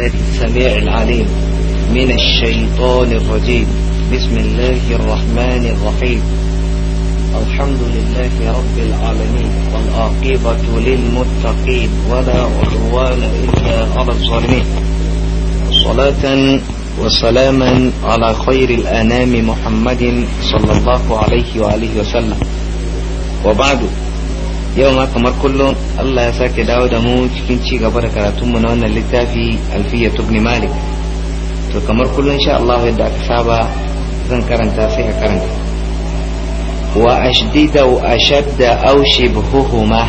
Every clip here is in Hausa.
السميع العليم من الشيطان الرجيم بسم الله الرحمن الرحيم الحمد لله رب العالمين والعاقبة للمتقين ولا عدوان إلا على الظالمين صلاة وسلاما على خير الأنام محمد صلى الله عليه وآله وسلم وبعد yau ma kamar kullum Allah ya sake dawo da mu cikin ci gaba da mu na wannan littafi alfiya tubni malik to kamar kullum sha Allah yadda aka saba zan karanta sai ka karanta wa ashdida wa ashadda aw shibhuhuma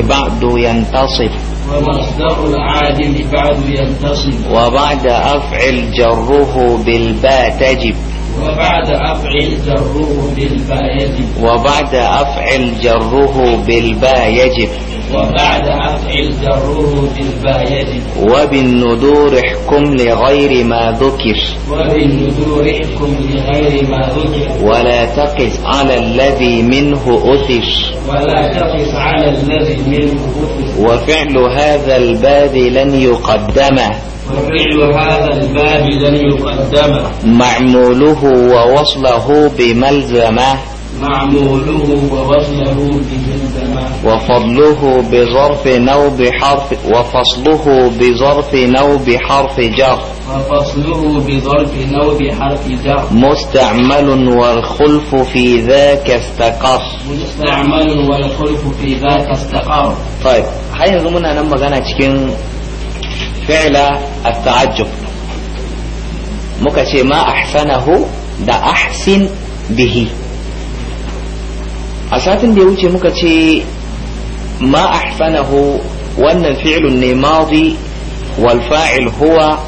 بعد ينتصب ومصدر العادل بعد ينتصب وبعد أفعل جره بالباء تجب وبعد أفعل جره بالباء يجب وبعد أفعل جره بالباء يجب وبعد أفعل جره بالباء يجب وبالندور احكم لغير ما ذكر وبالندور احكم لغير ما ذكر ولا تقس على الذي منه أثر ولا تقس على الذي منه أثر وفعل هذا الباب لن يقدمه وفعل هذا الباب لن يقدم معموله ووصله بملزمة معموله ووصله بملزمة وفضله بظرف نو بحرف وفصله بظرف نو بحرف جر وفصله بظرف نو بحرف جر مستعمل والخلف في ذاك استقر مستعمل والخلف في ذاك استقر طيب هاي نظمنا نمبر أنا تشكين fi'la at-ta'ajjub muka ce ma ahsanahu da ahsin bihi a satin da ya wuce muka ce ma wannan fi'lun ne madi wal fa'il huwa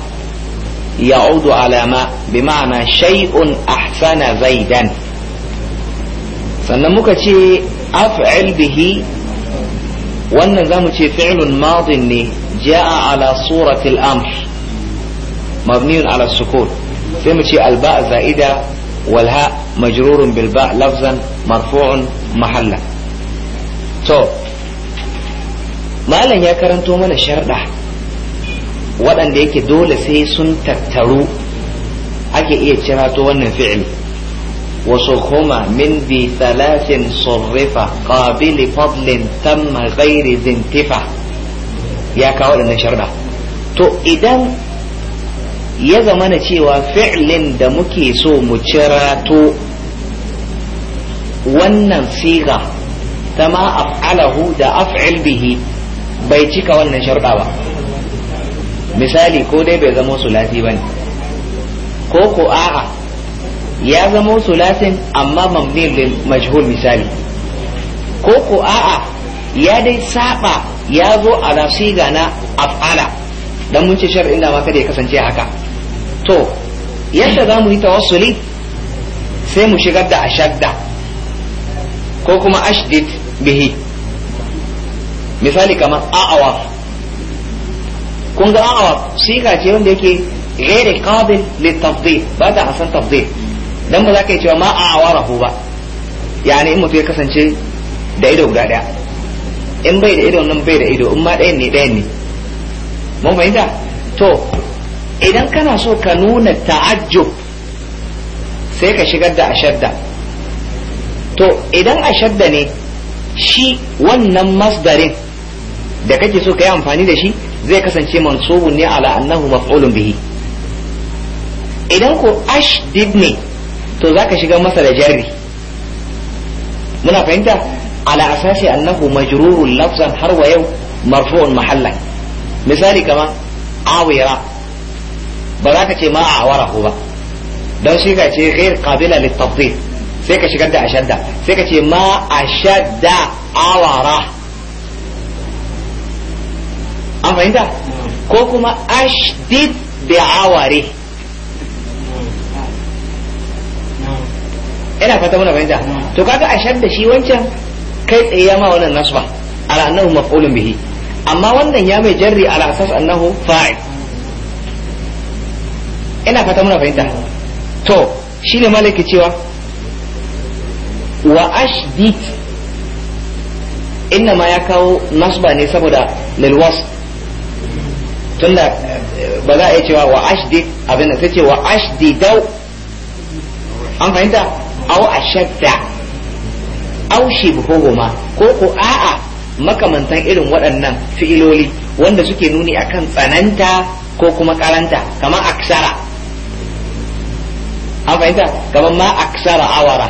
يعود على ما بمعنى شيء أحسن زيدا muka ce أفعل به wannan zamu ce fi'lun madin ne ja'a ala surati al-amr mabniun ala sukun sai mu ce alba za'ida wal ha majrurun bil ba lafzan marfu'un mahalla to malam ya karanto mana sharda waɗanda yake dole sai sun tattaru ake iya cira ta wannan fi'li وصرهما من ذي ثلاث صرفة قابل فضل تم غير ذي انتفع يا كاول ان شربا تو اذا ya zamana cewa fi'lin da muke so mu cira cirato wannan siga ta ma af'alahu da af'il bihi bai cika wannan sharɗa ba misali ko dai bai zama sulati ba ne ko ko a'a ya zama sulasin amma mamni lil majhul misali ko ko a'a ya dai saba ya zo a rasiga na af'ala dan mun ce shar'in da ma kada ya kasance haka to yadda za mu yi tawassuli sai mu shigar da ashadda ko kuma ashdid bihi misali kamar a'awa kun ga a'awa siga ce wanda yake غير قابل للتفضيل بعد حسن تفضيل dan ba za ka yi cewa ma a awarahu ba yani in mutu ya kasance da ido guda daya in bai da ido nan bai da ido in ma ɗayan ne ɗayan ne mun fahimta to idan kana so ka nuna ta'ajjub sai ka shigar da ashadda to idan ashadda ne shi wannan masdarin da kake so ka yi amfani da shi zai kasance mansubun ne ala annahu maf'ulun bihi idan ko ashdib ne to zaka shiga masa da jarri muna fahimta ala asasi annahu majrurun lafzan har wa yau marfu'un mahallan misali kamar awira ba za ka ce ma a awara ba don shi ka ce ghair qabila litabdil sai ka shigar da ashadda sai ka ce ma ashadda awara an fahimta hmm. ko kuma ashdid bi aware ina fata muna fahimta to kaga a shadda shi wancan kai tsaye ya ma wannan nasba ala annahu maf'ulun bihi amma wannan ya mai jarri ala asas annahu fa'il ina fata muna fahimta to shine malaki cewa wa ashdid inna ma ya kawo nasba ne saboda lilwas tunda eh, ba za a yi cewa wa ashdid abin da sai ce wa ashdidau an fahimta aw ashadda aw shibhuhuma ko ko a'a makamantan irin waɗannan fi'iloli wanda suke nuni akan tsananta ko kuma karanta kamar aksara an fahimta kamar ma aksara awara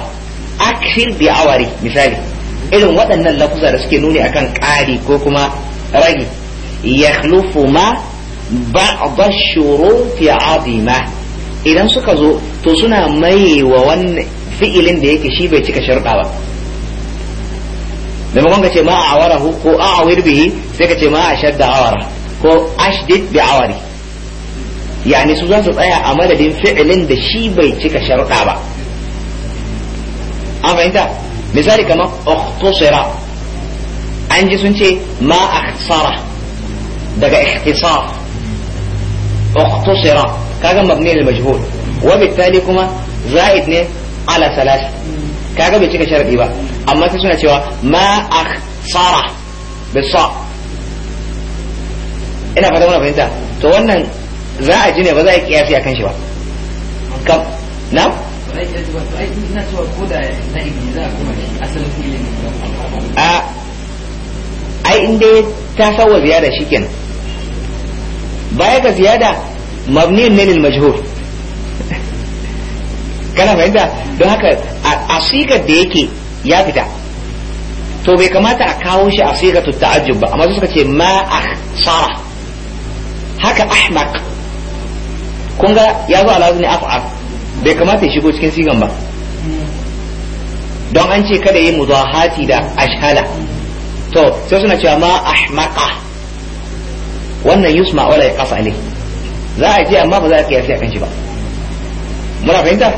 aksir bi awari misali irin waɗannan lafuza da suke nuni akan ƙari ko kuma rage yakhlufu ma ba'da shuruti azima idan suka zo to suna maye wa wannan fi'ilin da yake shi bai cika sharuɗa ba maimakon ka ce ma a awarahu ko a awir bihi sai ka ce ma a shadda awara ko ashdid bi awari yani su za su tsaya a madadin fi'ilin da shi bai cika sharuɗa ba an fahimta misali kamar ukhtusira an ji sun ce ma akhsara daga ikhtisar ukhtusira kaga mabni al majhul wa bittali kuma zaid ne ala salas kaga bai cika sharadi ba amma sai suna cewa ma akhsara sa ina fata muna fahimta to wannan za a ji ne ba za a kiyasi akan shi ba kam na a ai dai ta sawa ziyada shikenan baya ga ziyada mabni ne lil majhur kana fahimta don haka a sigar da yake ya fita to bai kamata a kawo shi a sigatu ta'ajjub ba amma suka ce ma tsara haka ahmak kun ya zo alazu ne afa bai kamata ya shigo cikin sigan ba don an ce kada yi hati da ashala to sai suna cewa ma ahmaqa wannan yusma wala kasa ne za a ji amma ba za a kiyaye a shi ba muna fahimta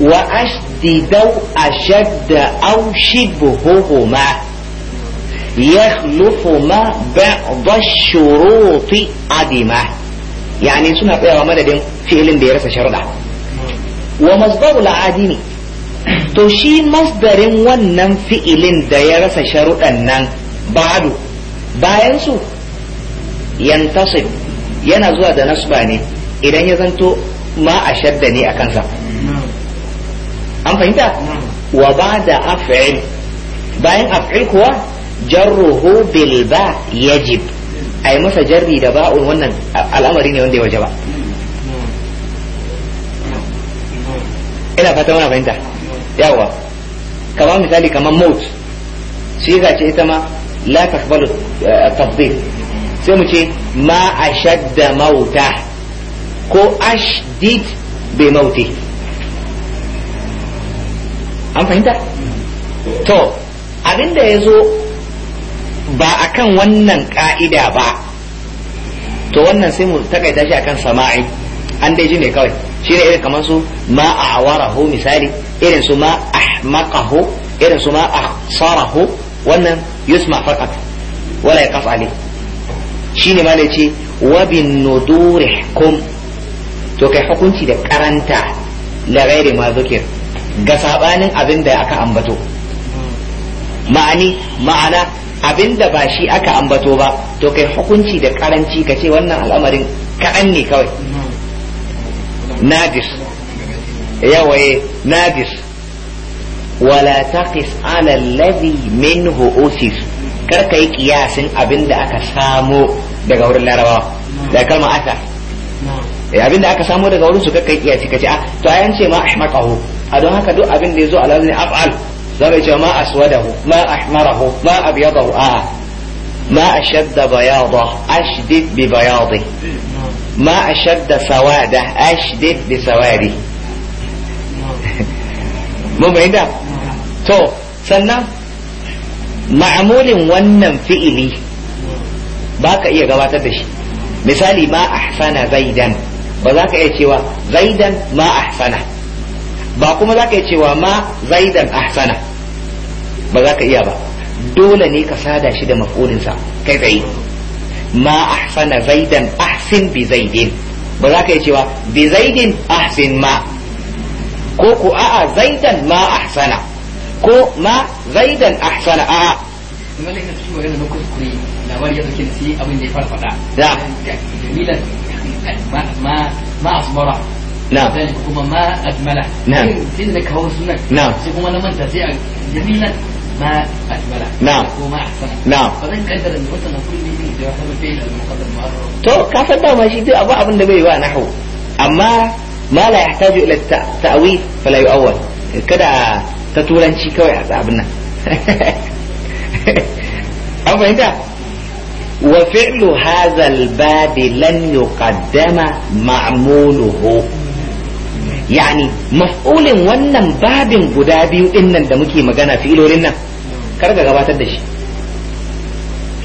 wa ashdidau ashadda aw shibhuhu ma yakhlufu ma ba'd ash-shuruti adima yani suna tsaya madadin fi'ilin da ya rasa sharuda wa masdaru adimi to shi masdarin wannan fi'ilin da ya rasa sharudan nan ba'du bayan su yantasib yana zuwa da nasba ne idan ya zanto ma ashadda ne akan sa an fahimta wa ba da af'il bayan af'il kuwa jarruhu bil ba yajib ai masa jarri da ba'un wannan al'amari ne wanda ya waje ba ina fata wani fahimta yawa kamar misali kamar mot shi ga ce ita ma la takbalu eh, tafdil sai mu ce ma ashadda mauta ko ashdid bi mauti an fahimta to abinda ya zo ba a kan wannan ka'ida ba to wannan sai mu takaita shi akan sama'i an dai ji ne kawai shine irin kamar su ma awarahu misali irin su ma a makaho irin su ma a saraho wannan yusma faqat wala ya kafa ne ma ne ce wabin nodore nudurihkum to kai hukunci da karanta la gairi ma zukir ga sabanin abin da aka ambato ma'ani ma'ana abin da ba shi aka ambato ba to kai hukunci da karanci ka ce wannan al'amarin kaɗan ne kawai nadis yawaye eh, nadis wala taqis ala alladhi minhu usis kar ka yi kiyasin abin da aka samo daga wurin larabawa da kalmar asar eh, abin da aka samo daga wurin su kar ka yi kiyasi ka ce a ah, to ayan ce ma ahmaqahu a don haka duk abin da ya zo a lazini af'al za mai ma aswadahu ma ahmarahu ma abyadahu a ma ashadda bayada bi bayadi ma ashadda sawada ashdid bi sawadi mun bayyana to sannan ma'amulin wannan fi'ili ba ka iya gabatar da shi misali ma ahsana zaidan ba za ka iya cewa zaidan ma ahsana ba kuma za ka yi cewa ma zaidan ahsana ba za ka iya ba dole ne ka sada shi da maf'ulinsa kai tsaye ma ahsana zaidan ahsin bi zaidin ba za ka yi cewa bi zaidin ahsin ma ko ku a'a zaidan ma ahsana ko ma zaidan ahsana a'a wani ina labari ya da abin da ya fara faɗa da jamilan ma asmara نعم kuma ma ajmala نعم sai da kawo sunan na'am sai kuma na ما أكمله نعم وما أحسنه نعم فذلك أنت لما قلت أن كل من يحب الفعل المقدم معرف تو كافة ده ماشي دي أبا أبن نبي نحو أما ما لا يحتاج إلى التأويل فلا يؤول كده تتولنشي كوي حتى أبنا أو وفعل هذا الباب لن يقدم معموله yani maf'ulin wannan babin guda biyu din da muke magana fi'ilolin nan kar ga gabatar da shi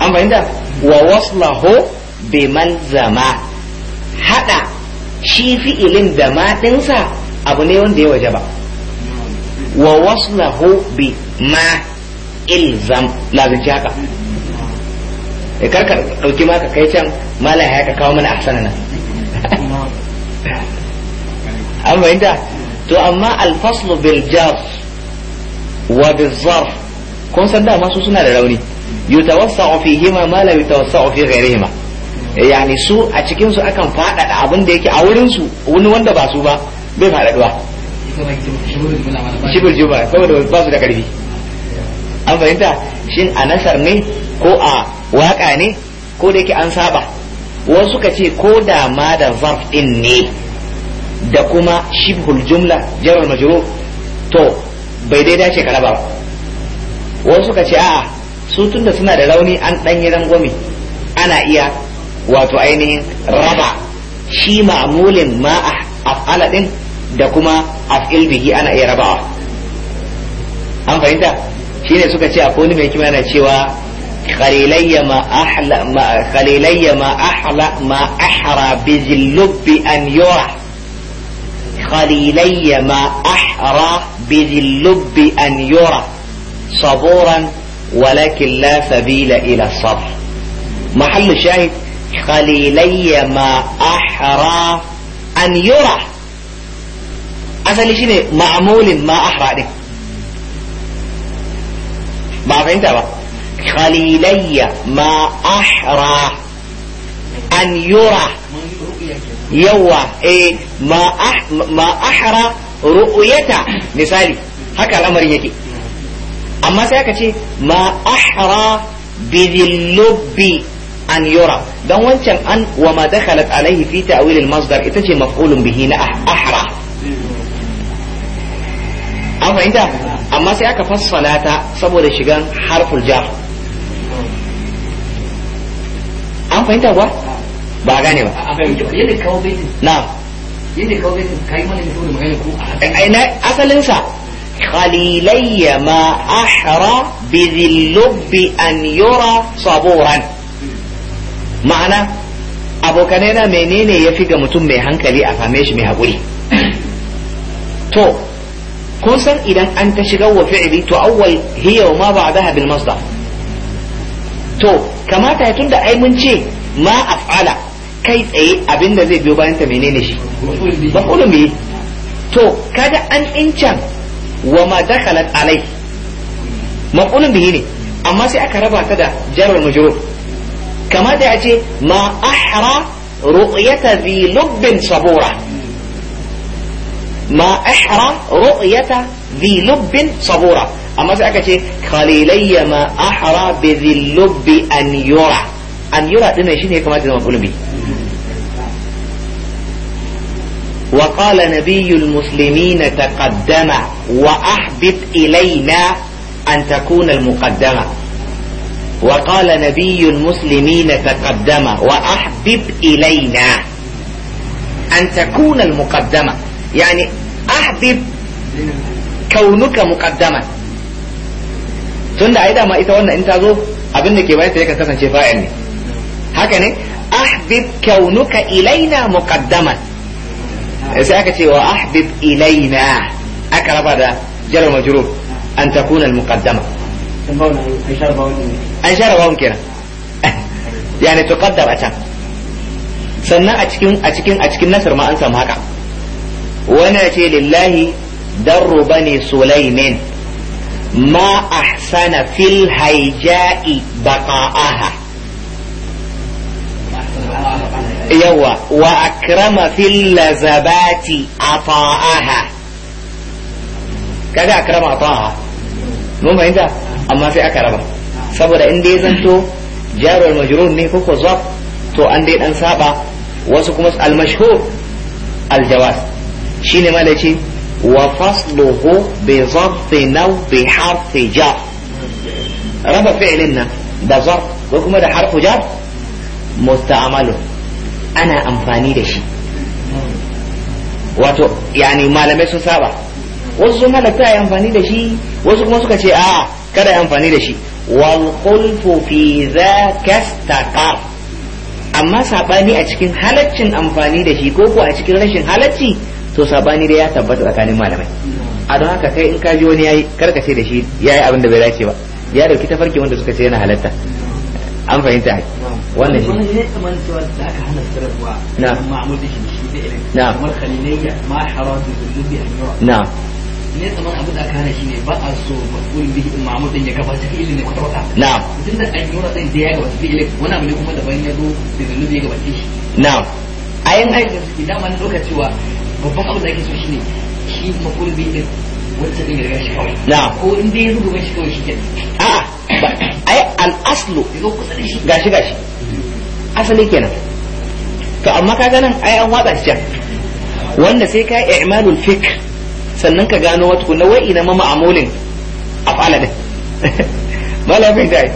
an fahimta wa waslahu bi man zama hada shi fi'ilin da ma dinsa abu ne wanda ya wajaba wa waslahu bi ma ilzam lazimci haka eh, kar ka dauki ma ka kai can mala ya ka kawo mana ahsana nan an fahimta to amma alfaslu bil jar wa bil zarf kun san da masu suna da rauni yutawassa'u fihima ma lam yutawassa'u fi ghairihima yani su a cikin su akan faɗaɗa abin da yake a wurin su wani wanda ba su ba bai duwa. shibir juma saboda ba su da karfi an fahimta shin a nasar ne ko a waka ne ko da yake an saba wasu ka ce ko da ma da zarf din ne da kuma shibhul jumla jarar majrur to bai dai dace ka raba ba wasu suka ce a'a su tunda suna da rauni an danyi rangwame ana iya wato ainihin raba shi ma'amulin ma af'ala din da kuma af'il bihi ana iya rabawa an fahimta shine suka ce a wani mai kima yana cewa khalilayya ma ahla ma ma ahla ma ahra bi an yura خليلي ما أحرى بذي اللب أن يرى صبورا ولكن لا سبيل إلى الصبر محل الشاهد خليلي ما أحرى أن يرى أصل شيني معمول ما أحرى ده ما فهمت بقى خليلي ما أحرى أن يرى yawa eh ma ahara ru'yata misali haka al'amarin yake amma sai aka ce ma ahara bidhillubi an yura dan wancan an wa ma dakhalat alaihi fi ta'wil al-masdar ita ce maf'ulun bihi na ahara an fahimta amma sai aka fassala ta saboda shigan harful jar an fahimta kuwa ba a gane ba. A fahimci ba, yadda kawo baitin. Na. Yadda kawo baitin, kayi mana ne saboda magana ko a haka. Eh, asalinsa. Ma'ana, abokanai menene ya ga mutum mai hankali a fame shi mai haƙuri. To, kun san idan an ta shiga wa fi'ili to awwal hiya wa ma ba a zaha bil To, kamata ya tun da ai mun ce ma af'ala kai tsaye abin da zai biyo bayan ta menene shi maf'ulun bihi to kaga an incan wa ma dakhalat alai maf'ulun bihi ne amma sai aka raba ta da jarar majrur kama da yace ma ahra ru'yata zi lubbin sabura ma ahra ru'yata zi lubbin sabura amma sai aka ce khalilayya ma ahra bi lubbi an yura an yura dinnan shine ya kamata ulumi وقال نبي المسلمين تقدم وأحبب إلينا أن تكون المقدمة وقال نبي المسلمين تقدم وأحبب إلينا أن تكون المقدمة يعني أحبب كونك مقدما tun da ما dama أنت wannan in ta zo abin da ke bayan ta yakan kasance fa'il sai aka ce wa ahbib ilaina aka raba da jar majrur an takuna al muqaddama an share bawon kenan yani tuqaddam a can sannan a cikin a cikin a cikin nasar ma an samu haka wani ce lillahi darru bani sulaimin ma ahsana fil haija'i baqa'aha يوا وأكرم في اللذبات عطاءها كذا أكرم عطاءها مو فهمت أما في أكرم saboda in dai zanto jarwar majrur ne ko zaf to an dai dan saba wasu kuma al-mashhur al-jawaz shine ma ce wa fasluhu bi zarfi naw bi harfi jar raba fi'lin nan da zarf ko kuma da harfu jar musta'amalu ana amfani da shi wato yani malamai sun saba wasu sun halatta yi amfani da shi wasu kuma suka ce a kada ya amfani da shi wal khulfu fi zaka amma sabani a cikin halaccin amfani da shi ko ko a cikin rashin halacci to sabani da ya tabbata tsakanin malamai a don haka kai in ka ji wani yayi karka ce da shi yayi abin da bai dace ba ya dauki tafarki wanda suka ce yana halatta an fahimta ai wannan shi ne kamar cewa da aka hana sarrafa na ma'amudi shi shi da irin na kamar khalilayya ma haratu zubi an yawa na ne kamar abu da aka hana shi ne ba a so maful bihi ma'amud din ya gabata fi ilin ne kwata kwata na tun da an yawa din da ya gabata fi ilin wani abu ne kuma da bayan ya zo da zubi ya gabata shi na a yin aikin su dama na doka cewa babban abu da ake so shi ne shi maful bihi din wacce din ya riga shi kawai na ko in dai ya zo shi kawai shi ke a'a ai al-aslu gashi gashi asali kenan to amma ka ganin ai an watsa shi wanda sai ka yi i'malul fik sannan ka gano wata kunna wai ina amulin a fala din malam bai dai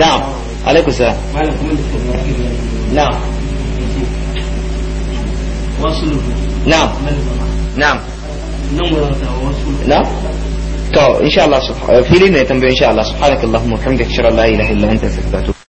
na'am alaikum salam malam kuma na'am wasu na'am na'am na'am na'am تو طيب، ان شاء الله في لنا تنبيه ان شاء الله سبحانك اللهم وبحمدك اشهد ان لا اله الا انت استغفرك